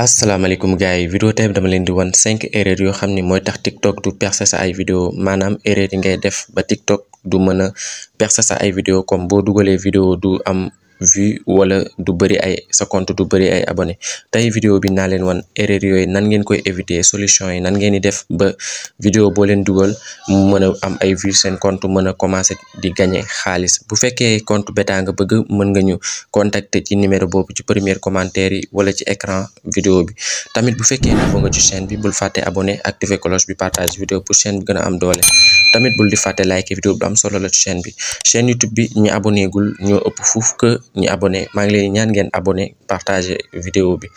asalaamaaleykum gars yi vidéo tey dama leen di wan cinq erreurs yo xam ni mooy tax TikTok du percer sa ay vidéo maanaam erreur yi ngay def ba TikTok du mën a percer sa ay vidéo comme boo dugalee vidéo du am vue wala du bëri ay sa compte du bëri ay abone tey vidéo bi naa leen wan erreur yooyu nan ngeen koy éviter solution yi nan ngeen di def ba vidéo boo leen dugal mu mën a am ay vue seen compte mën a commencer di gagner xaalis bu fekkee compte bêta nga bëgg mën nga ñu contacter ci numéro boobu ci premier commentaire yi wala ci écran vidéo bi tamit bu fekkee nouveau nga ci chaîne bi bul fàtte abone activer cloche bi partage vidéo pour chaîne bi gën a am doole tamit bul di fàtte like vidéo bu am solo la chain chaîne bi chaîne bi ñi abonné gul ñoo ëpp fuuf que ñi abonné maa ngi leen ñaan ngeen abonné partager vidéo bi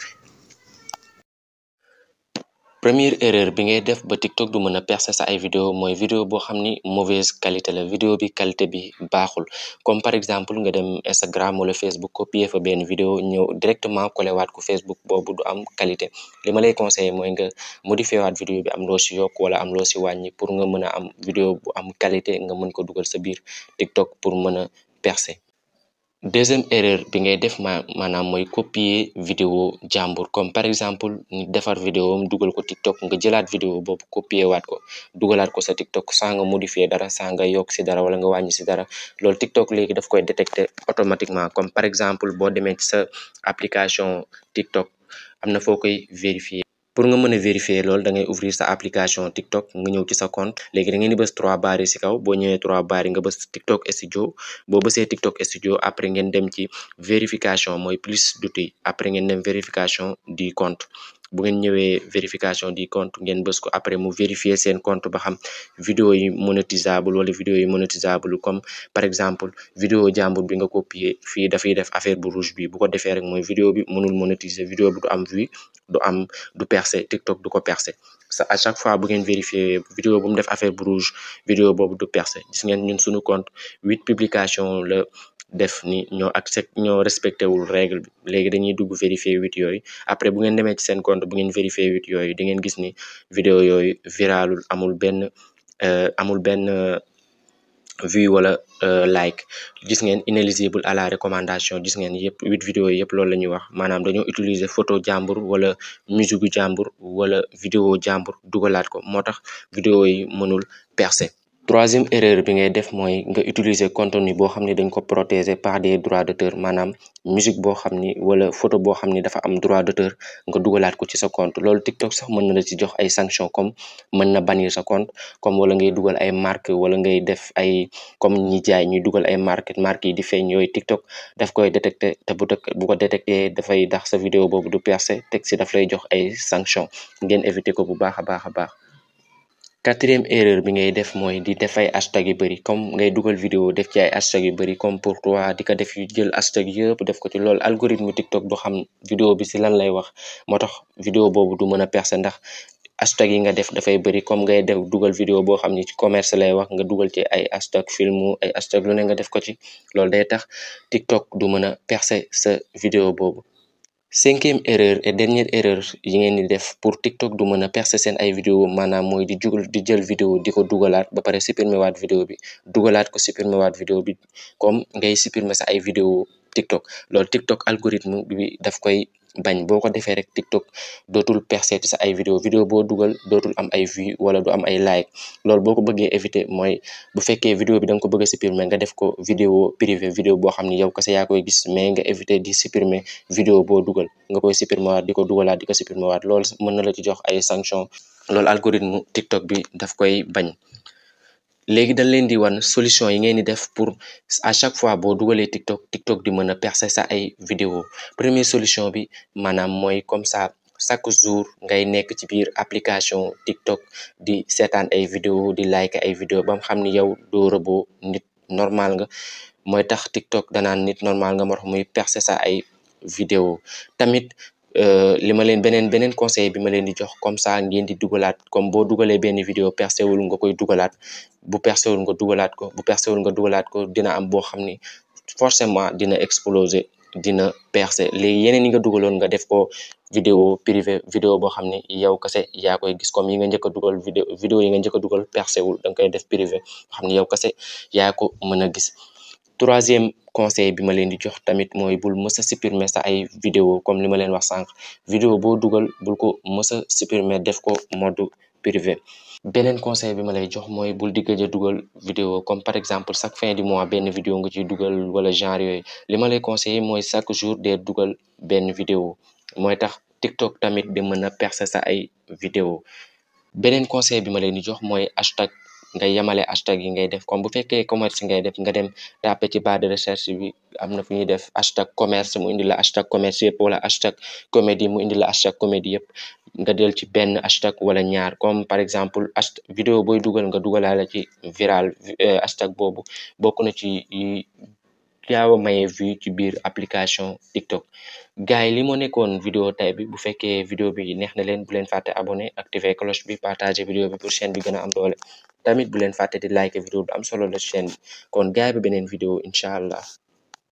première erreur bi ngay def ba TikTok du mën a percer sa ay video mooy vidéo boo xam ni mauvaise qualité la vidéo bi qualité bi baaxul comme par exemple nga dem Instagram wala Facebook copier fa benn vidéo ñëw directement collé waat ko Facebook boobu du am qualité li ma lay conseillé mooy nga modifier waat vidéo bi am loo si yokk wala am loo si wàññi pour nga mën a am vidéo bu am qualité nga mën ko dugal sa biir TikTok pour mën a percer deuxième erreur bi ngay def ma maanaam mooy copier vidéo jàmbur comme par exemple defar vidéo dugal ko TikTok nga jëlaat vidéo boobu copier waat ko dugalaat ko sa TikTok saa nga modifier dara saa nga yokk si dara wala nga wàññi si dara loolu TikTok léegi daf koy détecter automatiquement comme par exemple boo demee sa application TikTok am foo koy vérifier pour nga mën a vérifier loolu da ngay ouvrir sa application TikTok nga ñëw ci sa compte léegi da ngeen di bës trois barres si kaw boo ñëwee trois barres yi nga bës TikTok studio boo bësee TikTok studio après ngeen dem ci vérification mooy plus d'outils après ngeen dem vérification du compte bu ngeen ñëwee vérification du compte ngeen bës ko après mu vérifier seen compte ba xam vidéo yi monétisable wala vidéo yi monétisable comme par exemple vidéo jàmbur bi nga copier fii dafay def affaire bu rouge bi bu ko defee rek mooy vidéo bi mënul monétiser vidéo bi du am vue du am du percer TikTok du ko percer sa à chaque fois bu ngeen vérifier vidéo bu mu def affaire bu rouge vidéo boobu du percer gis ngeen ñun suñu compte 8 publication la def ni les règles. ñoo respecté wul règle bi Après, dañuy dugg vérifier après bu ngeen démé ci seen compte bu ngeen vérifier huit yoy di ngeen gis ni vidéo yoy viralul amul euh, amul ben euh, vue wala euh, like gis ngeen à la recommandation gis ngeen huit vidéo yëpp loolu lañuy wax manam utiliser photo jàmbur wala musique jambour, wala vidéo jambour, dugalaat ko motax vidéo yi mënul troisième erreur bi ngay def mooy nga utiliser contenu boo xam ne dañ ko protéger par des droits d'auteur maanaam musique boo xam ni wala photo boo xam ni dafa am droit d'auteur nga dugalaat ko ci sa compte loolu TikTok sax mën na la ci jox ay sanctions comme mën na bannir sa compte comme wala ngay dugal ay marque wala ngay def ay comme ñi jaay ñuy dugal ay marque marque yi di feeñ yooyu TikTok daf koy détecter te bu bu ko détecter dafay dax sa vidéo boobu du percer teg si daf lay jox ay sanction ngeen éviter ko bu baax a baax a baax. quatrième erreur bi ngay def mooy di defay ay hashtag yu bëri comme ngay dugal vidéo def ci ay hashtag yu bëri comme pour toi di def yu jël hashtag yëpp def ko ci lool loolu algorithme TikTok du xam vidéo bi si lan lay wax moo tax vidéo boobu du mën a percer ndax hashtag yi nga def dafay bëri comme ngay def dugal vidéo boo xam ni ci commerce lay wax nga dugal ci ay hashtag filmu ay hashtag lu ne nga def ko ci loolu day tax TikTok du mën a percer sa vidéo boobu cinquième erreur et dernière erreur yi ngeen di def pour TikTok du mën a seen ay vidéo maanaam mooy di jugal di jël vidéo di ko dugalaat ba pare supprimer waat vidéo bi dugalaat ko supprimer waat vidéo bi comme ngay supprimer sa ay vidéo TikTok loolu TikTok algorithme bi daf koy bañ boo ko defee rek TikTok dootul percevoir sa ay vidéo vidéo boo dugal dootul am ay vues wala du am ay like loolu boo ko bëggee éviter mooy bu fekkee vidéo bi da nga ko bëgg a nga def ko vidéo privé vidéo boo xam ni yow kese yaa koy gis mais nga éviter di supprimer vidéo boo dugal nga koy supprimer waat di ko dugalaat di ko supprimer waat loolu mën na la ci jox ay sanction loolu algorithme TikTok bi daf koy bañ léegi dañ leen di wan solution yi ngeen di def pour à chaque fois boo dugalee TikTok TikTok di mën a percer sa ay vidéo premier solution bi maanaam mooy comme ça chaque jour ngay nekk ci biir application TikTok di seetaan ay vidéo di like ay vidéo ba xam ni yow doo robot nit normal nga mooy tax TikTok danaan nit normal nga moo tax muy percer sa ay vidéo tamit Euh, li ma leen beneen beneen conseil bi ma leen di jox comme ça ngeen di dugalaat comme boo dugalee benn vidéo percé wul nga koy dugalaat bu percé wul nga dugalaat ko bu percé wul nga dugalaat ko dina am boo xam ni forcément dina exploser dina percé léegi yeneen yi nga dugaloon nga def ko vidéo privé vidéo boo xam ne yow kase yaa koy gis comme yi nga njëkk dugal vidéo vidéo nga njëkk dugal percé wul da koy def privé nga xam yow kase yaa ko mën a gis troisième conseil bi ma leen di jox tamit mooy bul mës supprimer sa ay vidéo comme li ma leen wax sànq vidéo boo dugal bul ko mës supprimer def ko mode privé beneen conseil bi ma lay jox mooy bul di gëj dugal vidéo comme par exemple chaque fin du mois benn vidéo nga ciy dugal wala genre yooyu li ma lay conseiller mooy chaque jour dee dugal benn vidéo mooy tax TikTok tamit di mën a percer sa ay vidéo beneen conseil bi ma leen di jox mooy hashtag ngay yemale hashtag yi ngay def comme bu fekkee commerce ngay def nga dem tapé ci barre de bi am na fu ñuy def hashtag commerce mu indi la hashtag commerce yëpp wala hashtag comédie mu indi la hashtag yëpp nga del ci benn hashtag wala ñaar comme par exemple hashtag vidéo boy dugal nga dugalaale ci viral euh, hashtag boobu bokk na ci gaaw a maye vue ci biir application TikTok gars yi li moo nekkoon vidéo tey bi bu fekkee vidéo bi neex na leen bu leen fàtte abone activer cloche bi partager vidéo bi pour chaîne bi gën a am doole tamit bu leen fàtte di like vidéo bi am solo la chaîne bi kon gaay ba beneen vidéo incha allah